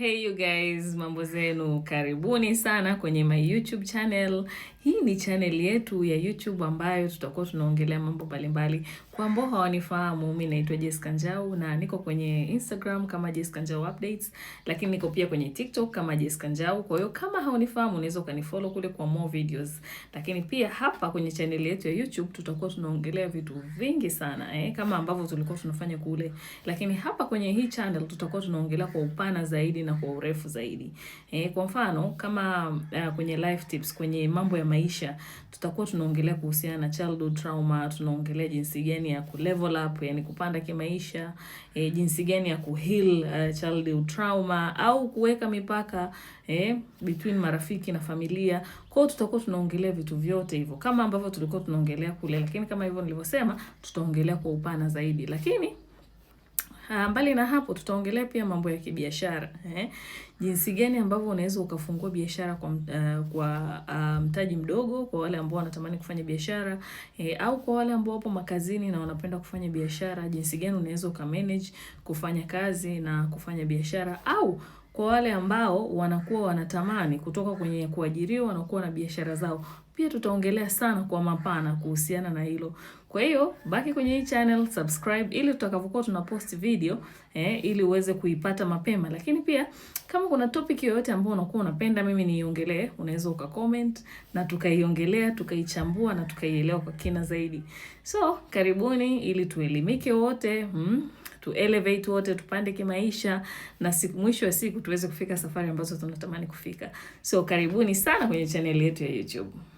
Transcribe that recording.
Hey you guys, mambo zenu, karibuni sana kwenye my YouTube channel hii ni channel yetu ya YouTube ambayo tutakuwa tunaongelea mambo mbalimbali. Kwa ambao hawanifahamu, mimi naitwa Jessica Njau na niko kwenye Instagram kama Jessica Njau Updates, lakini niko pia kwenye TikTok kama Jessica Njau. Kwa hiyo kama hawanifahamu, unaweza ukanifollow kule kwa more videos. Lakini pia hapa kwenye channel yetu ya YouTube tutakuwa tunaongelea vitu vingi sana eh, kama ambavyo tulikuwa tunafanya kule. Lakini hapa kwenye hii channel tutakuwa tunaongelea kwa upana zaidi na kwa urefu zaidi. Eh, kwa mfano kama uh, kwenye life tips, kwenye mambo ya maisha, tutakuwa tunaongelea kuhusiana na childhood trauma, tunaongelea jinsi gani ya ku level up, yani kupanda kimaisha, e, jinsi gani ya ku heal uh, childhood trauma au kuweka mipaka e, between marafiki na familia. Kwa hiyo tutakuwa tunaongelea vitu vyote hivyo kama ambavyo tulikuwa tunaongelea kule, lakini kama hivyo nilivyosema, tutaongelea kwa upana zaidi lakini Ha, ah, mbali na hapo tutaongelea pia mambo ya kibiashara eh, jinsi gani ambavyo unaweza ukafungua biashara kwa, uh, kwa uh, mtaji mdogo kwa wale ambao wanatamani kufanya biashara eh, au kwa wale ambao wapo makazini na wanapenda kufanya biashara, jinsi gani unaweza ukamanage kufanya kazi na kufanya biashara au kwa wale ambao wanakuwa wanatamani kutoka kwenye kuajiriwa na kuwa na biashara zao. Pia tutaongelea sana kwa mapana kuhusiana na hilo. Kwa hiyo baki kwenye hii channel subscribe, ili tutakapokuwa tuna post video eh, ili uweze kuipata mapema. Lakini pia kama kuna topic yoyote ambayo unakuwa unapenda mimi niiongelee, unaweza ukacomment na tukaiongelea, tukaichambua na tukaielewa kwa kina zaidi. So karibuni ili tuelimike wote hmm? tu elevate wote, tupande kimaisha, na siku mwisho wa siku tuweze kufika safari ambazo tunatamani kufika. So karibuni sana kwenye chaneli yetu ya YouTube.